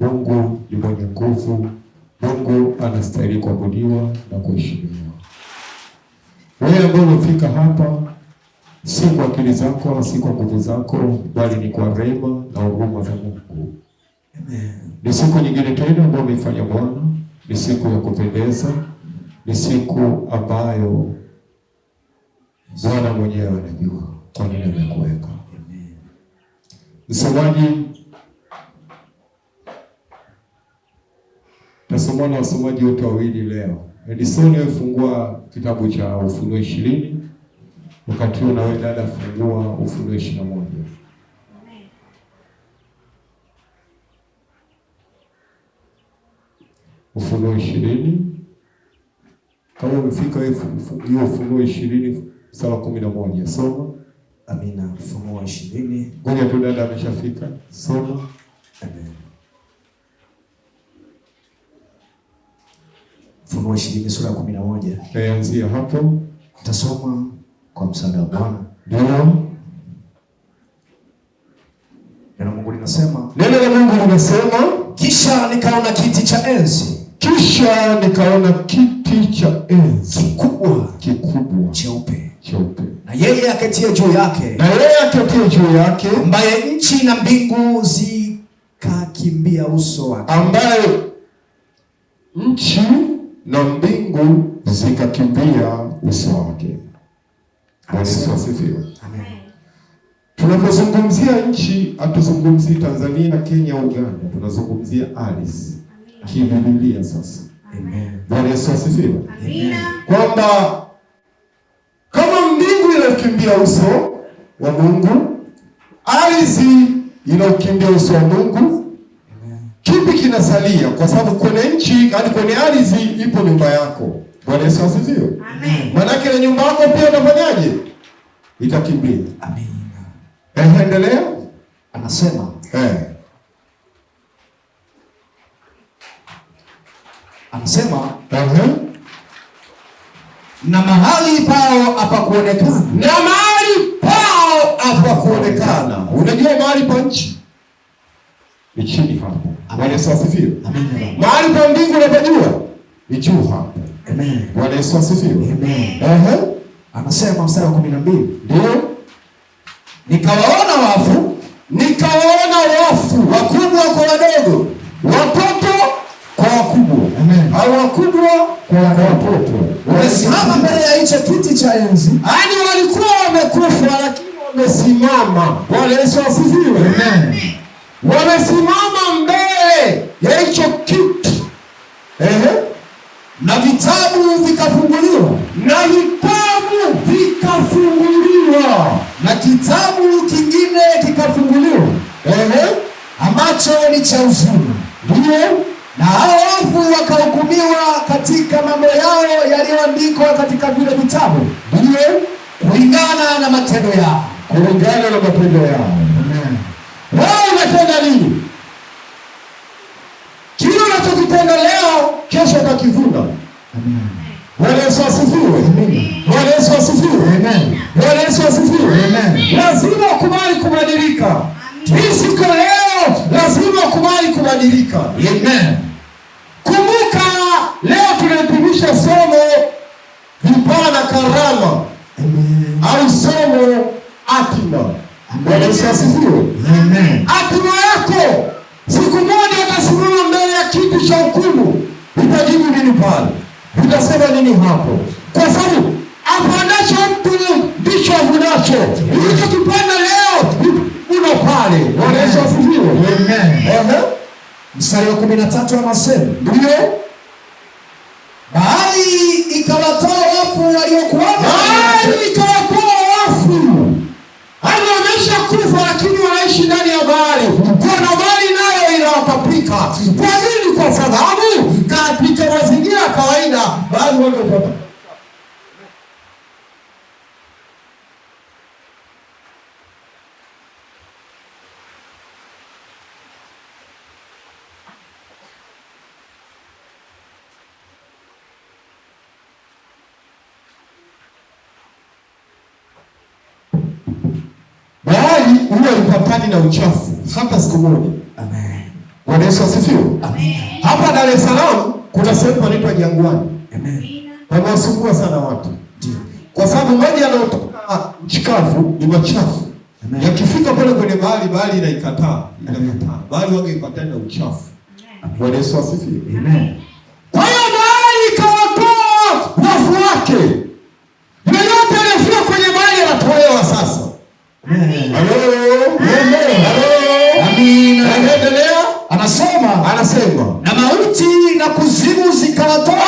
Mungu ni mwenye nguvu, Mungu anastahili kuabudiwa na kuheshimiwa. Wewe ambaye umefika hapa, si kwa akili zako na si kwa nguvu zako, bali ni kwa rehema na huruma za Mungu. Amen. Ni siku nyingine tena ambayo umeifanya Bwana, ni siku ya kupendeza, ni siku ambayo Bwana mwenyewe anajua kwa nini amekuweka. Msomaji kusoma na wasomaji wote wawili leo. Edison, fungua kitabu cha Ufunuo ishirini, wakati huo nawe dada fungua Ufunuo ishirini na moja. Ufunuo ishirini, kama umefika hiyo Ufunuo ishirini sura kumi na moja soma. Amina. Ufunuo ishirini. Ngoja tu dada ameshafika, soma. Amen. Ufunuo ishirini sura ya kumi na moja hapo, tutasoma kwa msaada wa Bwana. Ndio neno Mungu linasema, neno la Mungu linasema, kisha nikaona kiti cha enzi, kisha nikaona kiti cha enzi kikubwa, kikubwa cheupe, cheupe na yeye aketie juu yake, na yeye aketie juu yake, ambaye nchi na mbingu zikakimbia uso wake, ambaye nchi na mbingu zikakimbia uso wake. Asifiwe. Tunapozungumzia nchi hatuzungumzii Tanzania, Kenya, Uganda, tunazungumzia ardhi kibibilia. Sasa Bwana Yesu asifiwe, kwamba kama mbingu inakimbia uso wa Mungu, ardhi inakimbia uso wa Mungu kipi kinasalia? Kwa sababu kwenye nchi hadi kwenye ardhi ipo nyumba yako. Bwana Yesu asifiwe. Amen. Manake na nyumba yako pia utafanyaje? Itakimbia. Amen. Eh, endelea. Anasema eh. Anasema uh -huh. Na mahali pao hapakuonekana. Na mahali pao hapakuonekana. Unajua mahali pa nchi nchini hapo. Bwana Yesu asifiwe. Amen. Mahali pa mbingu unapojua ni juu hapo. Amen. Bwana Yesu asifiwe. Amen. Ehe. Anasema mstari wa 12. Ndio. Nikawaona wafu, nikawaona wafu, wakubwa kwa wadogo, watoto kwa wakubwa. Amen. Au wakubwa kwa watoto. Wamesimama mbele ya hicho kiti cha enzi. Yaani walikuwa wamekufa lakini wamesimama. Bwana Yesu asifiwe. Amen wamesimama mbele ya hicho kiti ehe, na vitabu vikafunguliwa, na vitabu vikafunguliwa, na kitabu kingine kikafunguliwa, ehe, ambacho ni cha uzima, ndio na hao wafu wakahukumiwa katika mambo yao yaliyoandikwa katika vile vitabu, ndiyo kulingana na matendo yao, kulingana na matendo yao. Amen umetenda nini? Kile unachokitenda leo, kesho utakivuna. Bwana Yesu asifiwe. Bwana Yesu asifiwe. Bwana Yesu asifiwe. Lazima ukubali kubadilika. Hii siku leo lazima ukubali kubadilika. Amen. Kumbuka leo tunahitimisha somo vipawa na karama au somo atima Bwana Hatima yako siku moja utasimama mbele ya kiti cha hukumu, utajibu nini pale? Utasema nini hapo? Kwa sababu apandacho mtu ndicho avunacho. kipanda leo una pale. Bwana Yesu asifiwe. Amen. Ehe. wa anasema, ndio. Bahari ikawatoa wafu waliokuwa mali, kuna mali nayo inawatapika. Kwa nini? Kwa sababu katika mazingira ya kawaida baadhi uwe upapani na uchafu hata siku moja. Amen. Bwana Yesu asifiwe. Amen. Hapa Dar es Salaam kuna sehemu inaitwa Jangwani. Amen. Pamewasumbua sana watu. Ndio. Kwa sababu maji yanayotoka nchi ah, kavu ni machafu. Yakifika pale kwenye bahari, bahari inaikataa, inakataa. Bahari wage ipatane na uchafu. Bwana Yesu asifiwe. Amen. Kwa hiyo bahari ikawatoa wafu wake. na mauti na kuzimu zikawatoa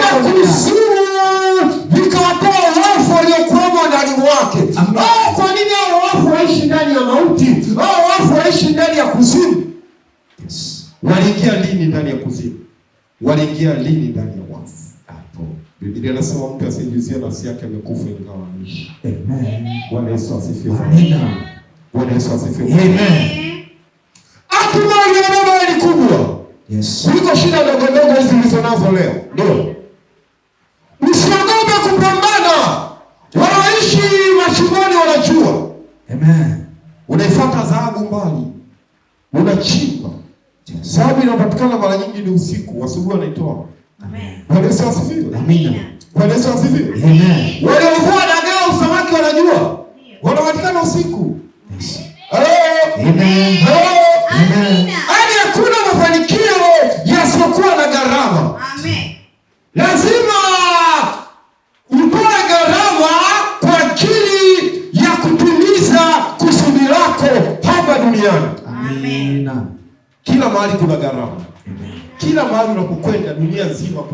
na kuzimu vikawatoa wafu waliokuwamo ndani mwake. Oh, kwa nini hao wafu waishi ndani ya mauti? Hao wafu waishi ndani ya kuzimu. Waliingia lini ndani ya kuzimu? Waliingia lini ndani ya wafu? Biblia inasema mtu asijuzie nafsi yake amekufa ingawa anaishi. Amen. Bwana Yesu asifiwe. Amen. Bwana Yesu asifiwe. Amen. Hapo ndio alikuwa kuliko yes, shida ndogo ndogo hizi hizo nazo leo, ndio msiogope kupambana. wanaishi mashimoni wanajua. Amen. Unaifata dhahabu mbali, unachimba dhahabu. Inapatikana mara nyingi ni usiku, asubuhi wanaitoa. Amen. Bwana Yesu asifiwe. Amen. Bwana Yesu asifiwe. Amen. Wale wanaovua dagaa, samaki wanajua, wanapatikana usiku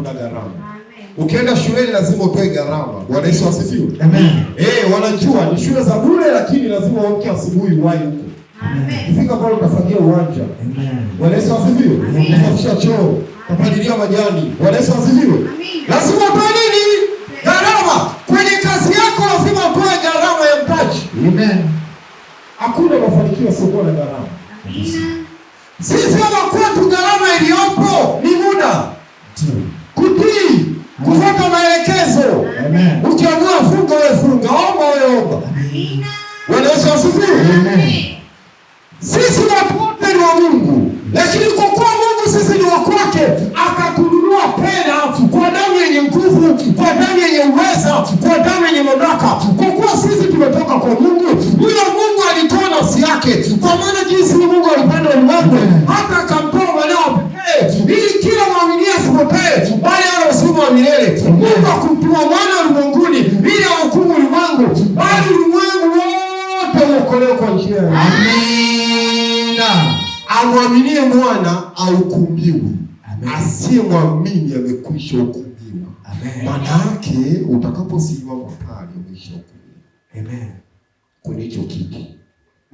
hakuna gharama. Ukienda shuleni lazima utoe gharama. Bwana Yesu asifiwe. Amen. Eh, wanajua ni shule za bure lakini lazima uamke asubuhi wai huko. Amen. Fika pale utafagia uwanja. Amen. Bwana Yesu asifiwe. Unasafisha choo, kupalilia majani. Bwana Yesu asifiwe. Amen. Lazima utoe nini? Gharama. Kwenye kazi yako lazima utoe gharama ya mtaji. Amen. Hakuna mafanikio sio na gharama. Amina. Sisi kama kwetu gharama iliyopo ni muda kutii, kufuata maelekezo. Ukiamua funga, wewe funga, omba, wewe omba. Wanaosafiri sisi watu ni wa Mungu, lakini yenye nguvu, kwa damu yenye uweza, kwa damu yenye mamlaka, kwa kuwa sisi tumetoka kwa Mungu. Huyo Mungu alitoa nafsi yake, kwa maana jinsi Mungu alipenda ulimwengu hata akamtoa mwanao pekee, ili kila mwaminie asipotee, bali awe na uzima wa milele. Mungu akamtuma mwana ulimwenguni ili ahukumu ulimwengu, bali ulimwengu wote uokolewe kwa njia yake. Amina. Amwaminie mwana ahukumiwe, asiyemwamini amekwisha hukumu. Maana yake utakaposimama pale umeshahukumiwa. Amen. Kwenye hicho kiti.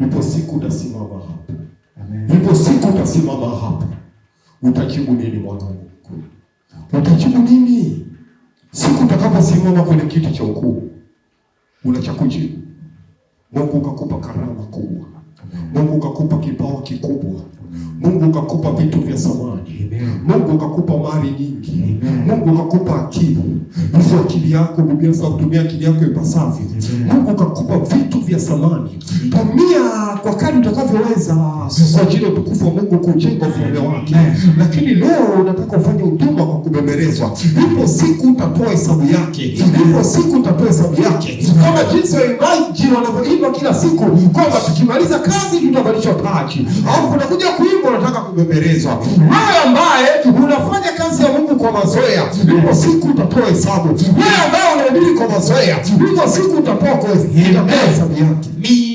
Ipo siku utasimama hapo. Amen. Ipo siku utasimama hapo. Utajibu nini mwana wa Mungu? Utajibu nini? Siku utakaposimama kwenye kiti cha ukuu Una cha kujibu. Mungu kakupa karama kubwa. Mungu kakupa kipawa kikubwa. Mm. Mungu kakupa vitu vya samani, Mungu kakupa mali nyingi, Mungu kakupa akili. Hizo akili yako Biblia inatumia akili yako ipasavyo. Mungu kakupa vitu vya samani Tumia kwa kadri utakavyoweza kwa ajili ya utukufu wa Mungu kujenga ufalme wake. Lakini leo unataka ufanye utumwa kwa kubembelezwa. Ipo siku utatoa hesabu yake, ipo siku utatoa hesabu yake, kama jinsi waimbaji wanavyoimba kila siku kwamba tukimaliza kazi tutavalishwa taji, au unakuja kuimba unataka kubembelezwa. Wewe ambaye unafanya kazi ya Mungu kwa mazoea, ipo siku utatoa hesabu. Wewe ambaye unahubiri kwa mazoea, ipo siku utatoa hesabu yake.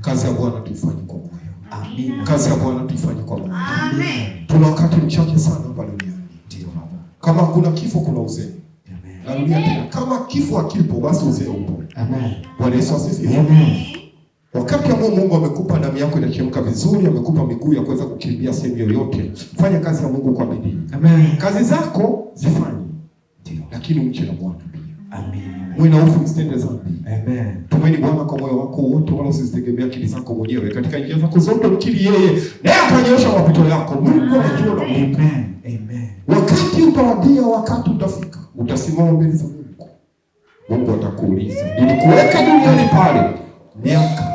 Kazi ya Bwana tuifanye kwa moyo. Amina. Kazi ya Bwana tuifanye kwa moyo. Amina. Tuna wakati mchache sana hapa duniani. Ndio baba. Kama kuna kifo kuna uzee. Amen. Kama kifo hakipo basi uzee upo. Amen. Bwana Yesu asifiwe. Amen. Wakati ambao Mungu amekupa damu yako inachemka vizuri, amekupa miguu ya kuweza kukimbia sehemu yoyote, fanya kazi ya Mungu kwa bidii. Amen. Kazi zako zifanye. Ndio. Lakini mche na Bwana. Mwe na hofu msitende dhambi. Amen. Tumeni Bwana kwa moyo wako wote wala usizitegemea akili zako mwenyewe. Katika njia zako zote mkiri yeye, naye atanyoosha mapito yako. Mungu anajua na Amen. Amen. Wakati utawadia, wakati utafika, utasimama mbele za Mungu. Mungu atakuuliza, nilikuweka duniani pale miaka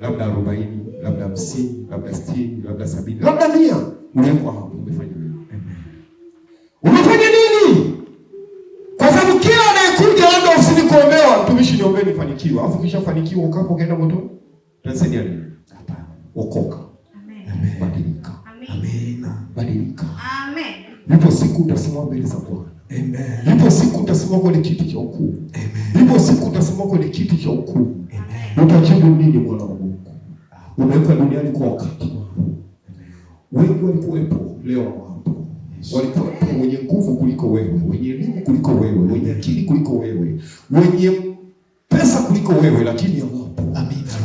labda 40, labda 50, labda 60, labda 70, labda 100. Uliwekwa hapo, umefanya nini? Amen. Umefanya nini? Usiombee nifanikiwe, alafu ukishafanikiwa ukapo kaenda moto Tanzania ni hapana. Okoka, amen. Badilika, amen. Badilika, amen. Ipo siku utasimama mbele za Bwana, amen. Ipo siku utasimama kwenye kiti cha ukuu, amen. Ipo siku utasimama kwenye kiti cha ukuu, amen. Utajibu nini Bwana Mungu? Umewekwa duniani kwa wakati wengi walikuwepo, leo hawapo. Walikuwepo wenye nguvu kuliko wewe, wenye elimu kuliko wewe, wenye akili kuliko wewe, wenye sio wewe, lakini ya Mungu.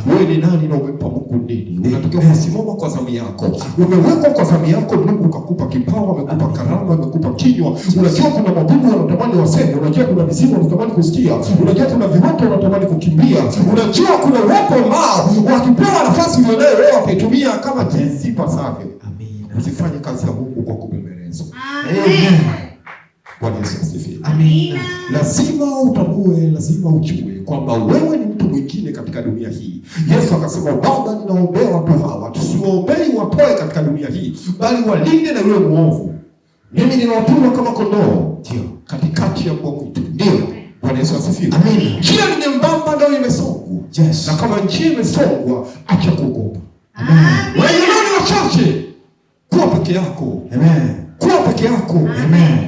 Wewe ni nani na umempa Mungu nini? Unatakiwa kusimama kwa zamu yako, ah. umewekwa kwa zamu yako. Mungu kakupa kipawa, amekupa karama, amekupa kinywa. Unajua kuna mabubu wanatamani waseme, unajua kuna visima wanatamani kusikia, unajua kuna viwete wanatamani kukimbia, unajua kuna uwepo mao, wakipewa nafasi ulionayo wewe wakaitumia kama jinsi pasavyo. Amina. Usifanye kazi ya Mungu kwa kubembelezwa. Amina. Bwana Yesu asifiwe. Amina lazima utambue, lazima ujue kwamba wewe ni mtu mwingine katika dunia hii. Yesu akasema, Baba, ninaombea watu hawa, tusiwaombei watoe katika dunia hii, bali walinde na yule mwovu. Mimi ninawatuma kama kondoo ndio katikati ya mbwa mwitu. Ndio Bwana Yesu asifiwe. Amina. Njia ni nyembamba ndio imesongwa. Yes. Na kama njia imesongwa, acha kuogopa. Amen. Wewe ni wachache, kuwa peke yako. Amen. Kuwa peke yako. Amen.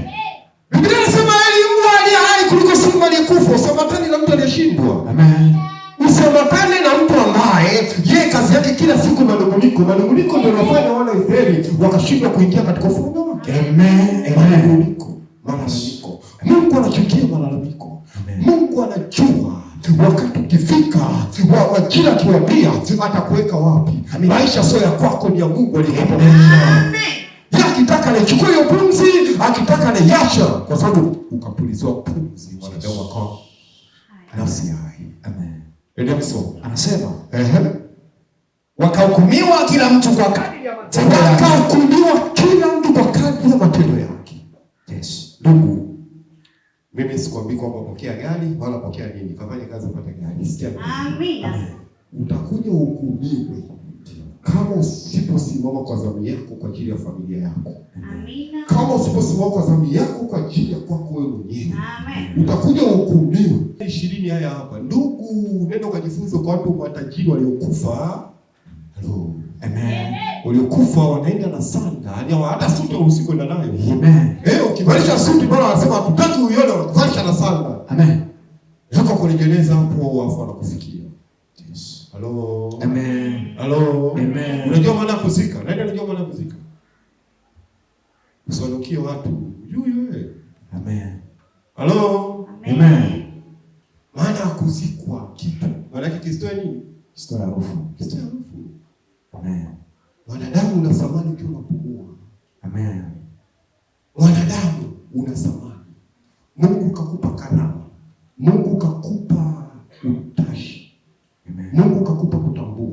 Biblia inasema Eli Mungu aliye hai kuliko simba aliyekufa. Usiambatane na mtu aliyeshindwa. Amen. Usiambatane na mtu ambaye yeye kazi yake kila siku manunguniko. Manunguniko ndio yanafanya wana Israeli wakashindwa kuingia katika ufalme wake. Amen. Eh, manunguniko. Manunguniko. Mungu anachukia malalamiko. Mungu anajua wakati ukifika wa majira akiwaambia atakuweka wapi. Maisha sio ya kwako, ni ya Mungu aliyekupa. Yeye akitaka anachukua hiyo pumzi akitaka ni yasha, kwa sababu ukapulizwa pumzi, wanadamu wako nafsi yake. Amen. ndio hivyo Anasema ehe, wakahukumiwa kila mtu kwa kadiri ya matendo yake, wakahukumiwa kila mtu kwa kadiri ya matendo yake. Yes, ndugu, mimi sikwambii kwamba pokea gani wala pokea nini, kafanye kazi upate gani. Sikia, amina, utakuja uhukumiwe kama usiposimama kwa zamu yako kwa ajili ya familia yako, amina. Kama usiposimama kwa zamu yako kwa ajili ya kwako wewe mwenyewe, utakuja hukumiwa. ishirini haya hapa, ndugu, nenda ukajifunze kwa watu matajiri waliokufa. Hello, amen. Waliokufa wanaenda na sanda, yani hata suti usikwenda nayo, amen. Eh, ukivalisha suti bora, wanasema hatutaki uione, wakivalisha na sanda, amen. Yuko kurejeleza hapo, wafu wanakufikia Hello. Amen. Hello. Amen. Unajua maana kuzika? Nani anajua maana kuzika? Usiwanukie watu. Juu wewe. Amen. Hello. Amen. Amen. Maana kuzikwa kitu. Maana yake kistoa nini? Kistoa harufu. Kistoa harufu. Amen. Wanadamu una thamani ukiwa unapumua. Amen. Wanadamu una thamani. Mungu kakupa karama. Mungu Mungu kakupa kutambua,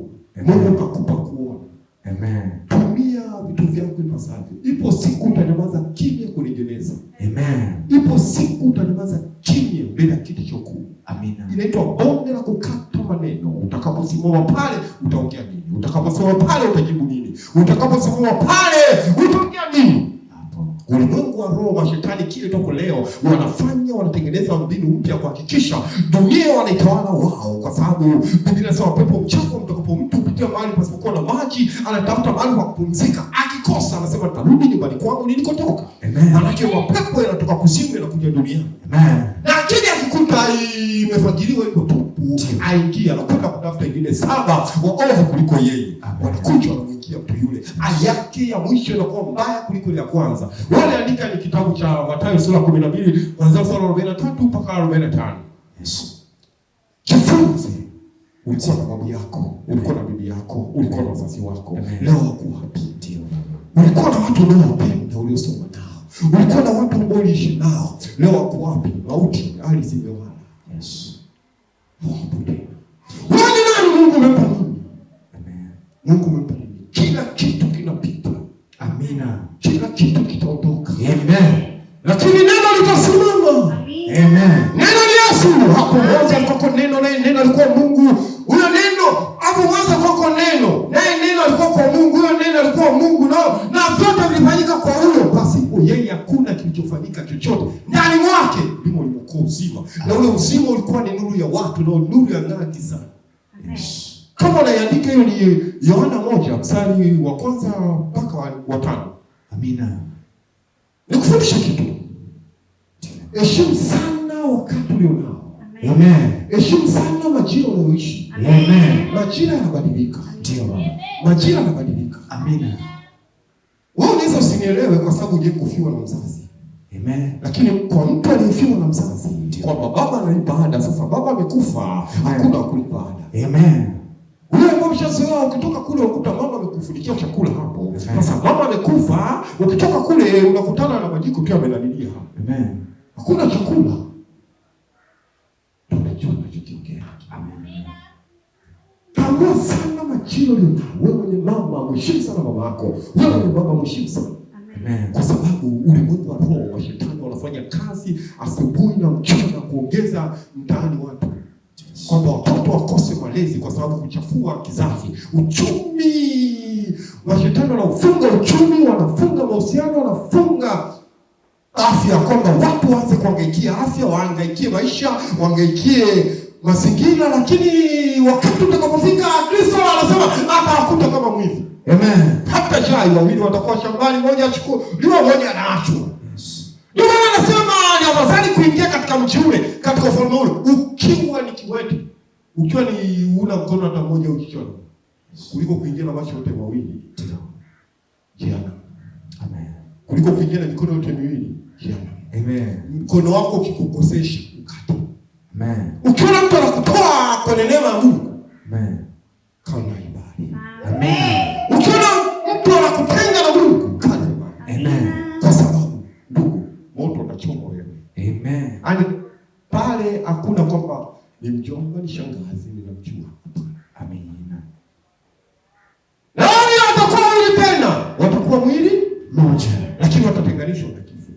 Mungu kakupa kuona. Amen. Tumia vitu vyako ipasavyo. Ipo siku utanyamaza kimya kunijeneza. Amen. Ipo siku utanyamaza kimya mbele ya kiti cha hukumu. Amina. Inaitwa bonde la kukata maneno. Utakaposimama pale utaongea nini? Utakaposimama pale utajibu nini? Utakaposimama pale kile toko leo, wanafanya wanatengeneza mbinu mpya kuhakikisha dunia wanaitawala wao, kwa sababu Biblia inasema pepo mchafu mtakapo mtu hupitia mahali pasipokuwa na maji, anatafuta mahali pa kupumzika. Akikosa anasema tarudi nyumbani kwangu nilikotoka. Manake mapepo yanatoka kuzimu yanakuja duniani, lakini akikuta imefagiliwa hivyo tu aingia, anakwenda kutafuta ingine saba waovu kuliko yeye, wanakuja wanamwingia mtu yule, hali yake ya mwisho inakuwa mbaya kuliko ya kwanza. Wale andika ni kitabu cha Mathayo sura kumi na mbili kuanzia sura arobaini na tatu mpaka arobaini na tano Yesu jifunze Ulikuwa na babu yako, ulikuwa na bibi yako, ulikuwa na wazazi wako, leo wako wapi? Ulikuwa na watu unaowapenda uliosoma nao, ulikuwa na watu ambao uliishi nao, leo wako Mauti, ardhi zimewa Kwani nani Mungu amempa nini? Amen. Mungu amempa nini? Kila kitu kinapita. Amina. Kila kitu kitaondoka. Amen. Lakini neno litasimama. Amen. Neno ni Yesu. Hapo moja kwako neno naye neno alikuwa Mungu. Huyo neno hapo mwanzo kwako neno. Naye neno alikuwa kwa Mungu. Huyo neno alikuwa Mungu nao na vyote vilifanyika kwa huyo. Pasipo oh, yeye hakuna kilichofanyika chochote. Ndani mwake ndimo ulikuwa uzima. Na ule uzima ulikuwa ni ya watu na nuru ya ng'aa sana. Kama unaiandika hiyo ni Yohana moja mstari wa kwanza mpaka wa tano. Amina. Nikufundishe kitu, heshimu sana wakati ulionao. Amen. Heshimu sana majira unayoishi. Amen. Majira yanabadilika. Ndio. Majira yanabadilika. Amina. Wewe unaweza usinielewe kwa sababu hujakufiwa na mzazi. Amen. Lakini kwa mtu aliyefiwa na mzazi kwamba baba analipa ada. Sasa baba amekufa, hakuna kulipa ada. Amen. Wewe ambao mshazoea, ukitoka kule ukuta mama amekufunikia chakula hapo. Sasa mama amekufa, ukitoka kule unakutana na majiko pia amelalilia hapo. Amen. Hakuna chakula. Tunajua tunachokiongea. Amen. Tambua sana majira. Wewe ni mama, mheshimu sana mama yako. Wewe ni baba, mheshimu sana kwa sababu ulimwengu wa roho wa shetani wanafanya kazi asubuhi na mchana na kuongeza mtaani watu kwamba watoto wakose malezi kwa sababu kuchafua kizazi. Uchumi wa shetani wanafunga uchumi, wanafunga mahusiano, wanafunga afya, kwamba watu waanze kuangaikia afya, waangaikie maisha, waangaikie mazingira, lakini wakati utakapofika Kristo anasema hakuta kama mwizi. Amen. Hata chai wawili watakuwa shambani, moja achukuliwa, moja anaachwa. Ndio maana anasema ni afadhali kuingia katika mji ule, katika ufalme ule ukiwa ni kiwete, ukiwa ni una mkono hata mmoja ukichoni, kuliko kuingia na macho yote mawili jana. Amen. Kuliko kuingia na mikono yote miwili jana. Amen. Mkono wako ukikukosesha ukate. Amen. Ukiona mtu anakutoa kwenye neema ya Mungu. Amen. Kama ibada. Amen. Ukiona mtu anakutenga na Mungu kani Amen. Kwa sababu ndugu, moto unachoma wewe. Amen. Ani pale hakuna kwamba ni mjomba ni shangazi ni mjua. Amen. Nani watakuwa mwili tena? Watakuwa mwili moja, lakini watatenganishwa na kifo.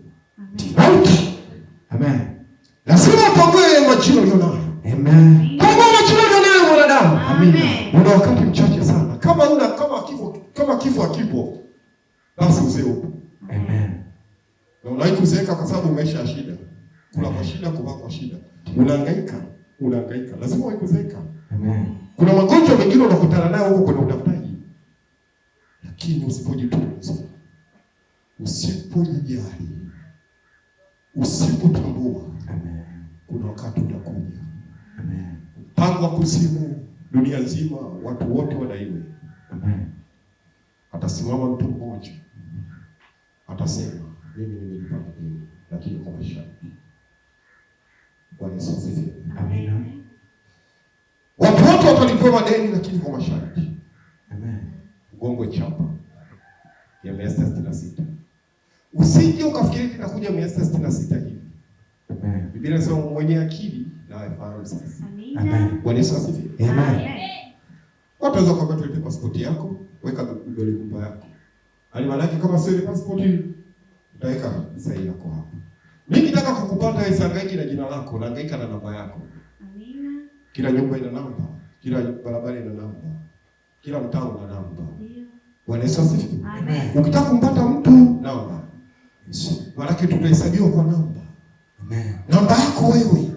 Tofauti. Amen. Lazima utoboe majira ulionayo. Amen. Toboa majira ulionayo mwanadamu. Amen. Una wakati mchache sana. Kama una kifo akipo, basi uzee upo. Amen. Na unawahi kuzeeka kwa sababu maisha ya shida, kula kwa shida, kuvaa kwa shida, unahangaika, unahangaika, lazima uwe kuzeeka. Amen. Kuna magonjwa mengine unakutana nayo huko kwenye utafutaji, lakini usipojitunza, usipojijali, usipotambua, kuna wakati utakuja. Amen. Mpango wa kuzimu dunia nzima, watu wote wadaiwe. Amen. Atasimama mtu mmoja atasema, mimi nimelipa deni, lakini kwa maisha. Bwana Yesu asifiwe. Amina. Watu wote watalipiwa madeni, lakini kwa masharti. Amen. Ugongwe chapa ya mia sita sitini na sita. Usije ukafikiri kinakuja mia sita sitini na sita hivi. Amen. Biblia inasema mwenye akili na afahamu sasa. Amen. Bwana Yesu asifiwe. Amen. Watu waweza pasipoti yako, weka vidole gumba yako. Yaani maana kama sio ile passport utaweka sahihi yako hapo. Mimi nitaka kukupata isangaiki na jina lako, naangaika na namba yako. Amina. Kila nyumba ina namba, kila barabara ina namba. Kila mtaa una namba. Ndio. Bwana Yesu asifiwe. Amen. Ukitaka kumpata mtu namba. Maana tutahesabiwa kwa namba. Amen. Namba yako wewe.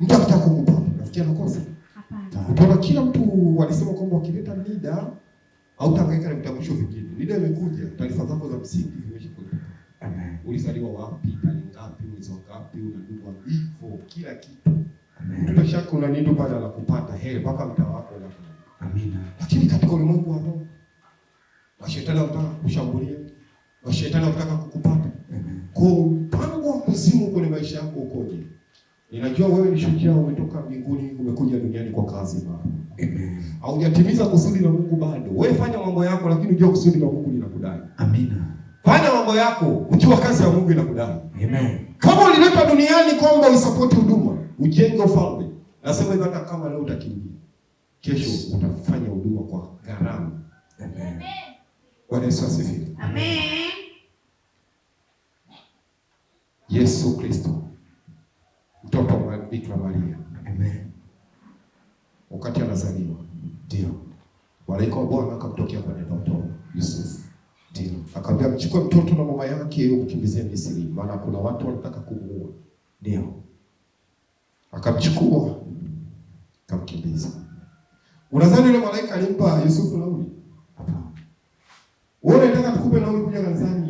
Mtu akitaka kukupa, nafikia nakosa. Utaona kila mtu alisema kwamba wakileta NIDA tangaika na vitambulisho vingine. NIDA imekuja, taarifa zako za msingi zimeshakuja. Amen. Ulizaliwa wapi, tarehe ngapi, mwezi ngapi, una ndugu wapi, kila kitu. Amen. Bila shaka una nini ya kupata hela mpaka mtaa wako na. Amina. Lakini katika ulimwengu wa roho washetani wanataka kushambulia, washetani wanataka kukupata. Amen. Kwa mpango wa kuzimu kwenye maisha yako ukoje? Amen. Ninajua wewe ni shujaa, umetoka mbinguni, umekuja duniani kwa kazi maalum. Amen. Haujatimiza kusudi la Mungu bado. Wewe fanya mambo yako, lakini ujue kusudi la Mungu linakudai. Amina. Fanya mambo yako, ujue kazi ya Mungu inakudai. Amen. Kama uliletwa duniani kwamba usapoti huduma, ujenge ufalme, nasema hivyo, hata kama leo utakimbia, kesho utafanya huduma kwa gharama. Amen. Bwana Yesu asifiwe. Amen. Yesu Kristo Bikira Maria. Amen. Wakati anazaliwa ndio malaika wa Bwana akamtokea kwa ndoto Yusufu, ndio akamwambia mchukue mtoto na mama yake umkimbizie Misri, maana kuna watu wanataka kumuua. Ndio akamchukua akamkimbiza. Unadhani yule malaika alimpa Yusufu nauli? Hapana. Wewe unataka tukupe nauli kuja kanisani?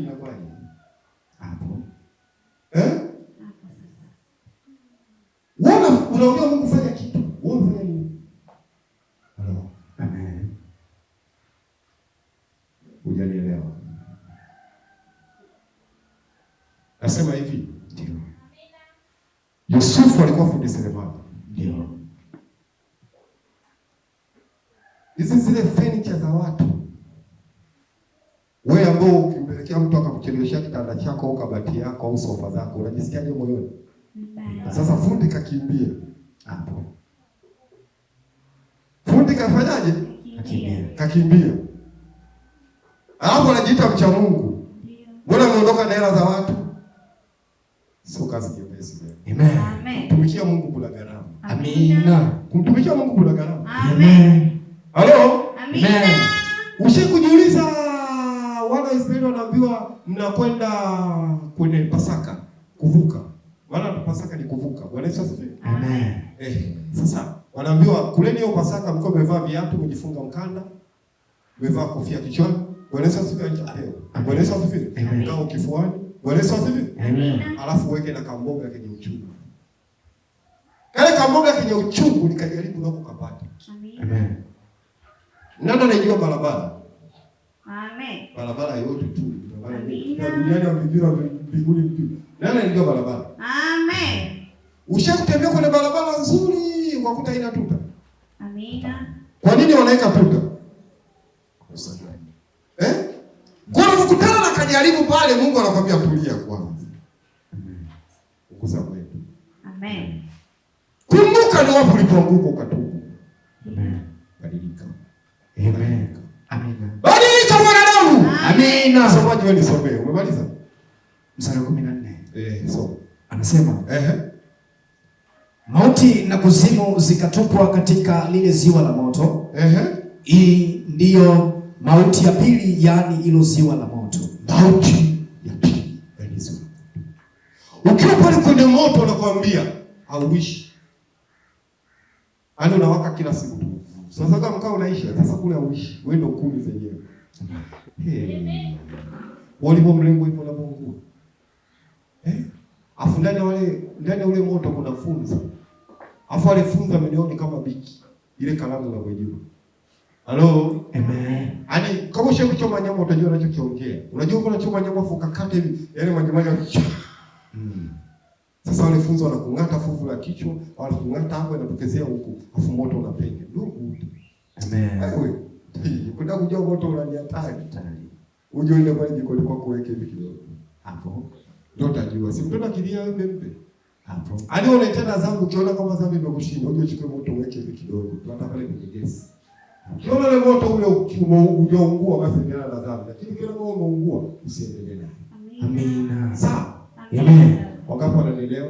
unaongea Mungu fanya kitu, wewe fanya nini? Hello. Amen. Hujanielewa. Nasema hivi, ndio. Yusufu alikuwa fundi seremala. Ndio. Hizi zile furniture za watu wewe ambao ukimpelekea mtu akamchelewesha kitanda chako au kabati yako au sofa zako unajisikiaje moyoni? Sasa fundi kakimbia hapo, fundi kafanyaje? Kakimbia, kakimbia, alafu anajiita mcha Mungu, mbona ameondoka na hela za watu? Sio kazi nyepesi. Amen. Kumtumikia Mungu kuna gharama. Amina. Kumtumikia Mungu kuna gharama. Amen. Halo? Amina. Ushikujiuliza wana Israeli wanaambiwa mnakwenda kwenye Pasaka kuvuka wala Pasaka ni kuvuka. Bwana Yesu asifiwe. Amen. Eh, sasa wanaambiwa kuleni hiyo Pasaka mko mmevaa viatu, mjifunga mkanda, mmevaa kofia kichwani. Bwana Yesu asifiwe alichopewa. Bwana Yesu asifiwe. Ngao kifuani. Bwana Yesu asifiwe. Amen. Alafu weke na kamboga kenye uchungu. Kale kamboga kenye uchungu nikajaribu na kukapata. Amen. Nani anajua barabara? Amen. Barabara yote tu. Barabara. Na Duniani wa mpira mbinguni mpya. Nani anajua barabara? Amen. Ushakutembea kwenye barabara nzuri ukakuta haina tuta. Amina. Kwa nini wanaweka tuta? Eh? Kwa nini ukutana na kajaribu pale Mungu anakwambia tulia kwanza. Amen. Ukuza kwetu. Amen. Kumbuka ni wapi ulipoanguka ukatubu. Amen. Badilika. Amen. Amina. Badilika mwanadamu. Amina. Somaji wewe nisomee. Umemaliza? Amen mstari wa 14. Eh, so anasema eh, mauti na kuzimu zikatupwa katika lile ziwa la moto. Eh, hii ndiyo mauti ya pili, yaani ilo ziwa la moto. Mauti ya pili yaani ziwa. Ukiwa pale kwenye moto unakwambia hauishi, yaani unawaka kila siku tu. Sasa sasa mkao unaisha, sasa kule hauishi, wewe ndio kumi zenyewe. Hey. Walivyo mrembo hivyo na Mungu. Afu ndani wale ndani ule moto kuna funza. Afu wale funza milioni kama biki. Ile kalamu za kujua. Hello. Amen. Ani kama ushe kuchoma nyama utajua unachokiongea. Unajua kuna choma nyama afu ukakata hivi, yale yaani maji. Mm. Sasa wale funza wanakung'ata fuvu la kichwa, wanakung'ata hapo inatokezea huku. Afu moto unapenya. Ndugu. Amen. Wewe. Kuna kujua moto unaniatari. Unajua ile maji kwa kwako weke hivi kidogo. Hapo ndio utajua. Si mtoto akilia wewe mpe. Hapo. Hadi unaitana zangu ukiona kama zambi imekushinda, uje uchukue moto uweke hivi kidogo. Tunaenda pale kwenye gesi. Ukiona ile moto ule ukiungua basi endelea na dhambi. Lakini ukiona kama umeungua usiendelee nayo. Amina. Sawa? Amina. Wangapi wananielewa?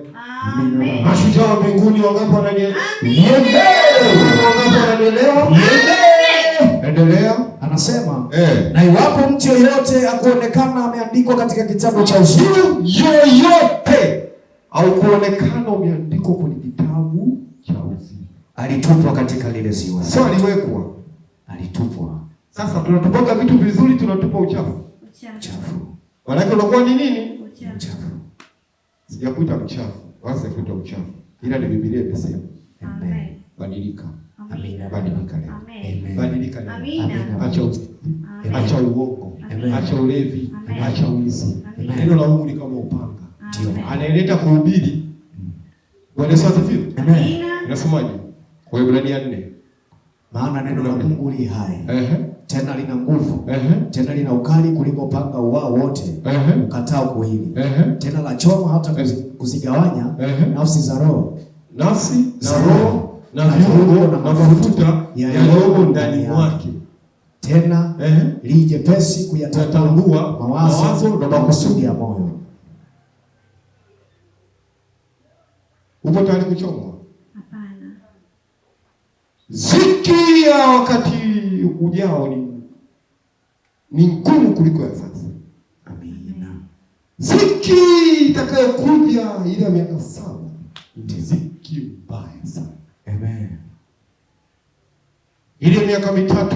Amen. Mashujaa wa mbinguni wangapi wananielewa? Wangapi wananielewa? Endelea. Anasema eh, na iwapo mtu yeyote akuonekana ameandikwa katika kitabu cha uzima, yoyote au kuonekana umeandikwa kwenye kitabu cha uzima, alitupwa katika lile ziwa. Sio aliwekwa, alitupwa. Sasa tunatupoka vitu vizuri, tunatupa uchafu. Uchafu maanake unakuwa ni nini? Uchafu. Sijakuita mchafu, sijakuita uchafu, ila ni Biblia imesema, amen. Badilika. Badilika leo, acha uongo, acha ulevi, acha uizi. Neno la Mungu ni kama upanga, anaeleta kuhubiri. Bwana Yesu asifiwe. Nasemaje? Waebrania nne maana neno la Mungu li hai tena lina nguvu tena lina ukali kuliko upanga uwao wote ukatao kuwili tena la choma hata kuzigawanya nafsi za roho nafsi za roho na viungo na mafuta ya roho ndani mwake, tena eh, li jepesi kuyatambua mawazo na makusudi ya moyo. Upo tayari kuchomwa? Hapana. Ziki ya wakati ujao ni ni ngumu kuliko ya sasa. Amina. Ziki itakayokuja ile ya miaka saba ndizi ile miaka mitatu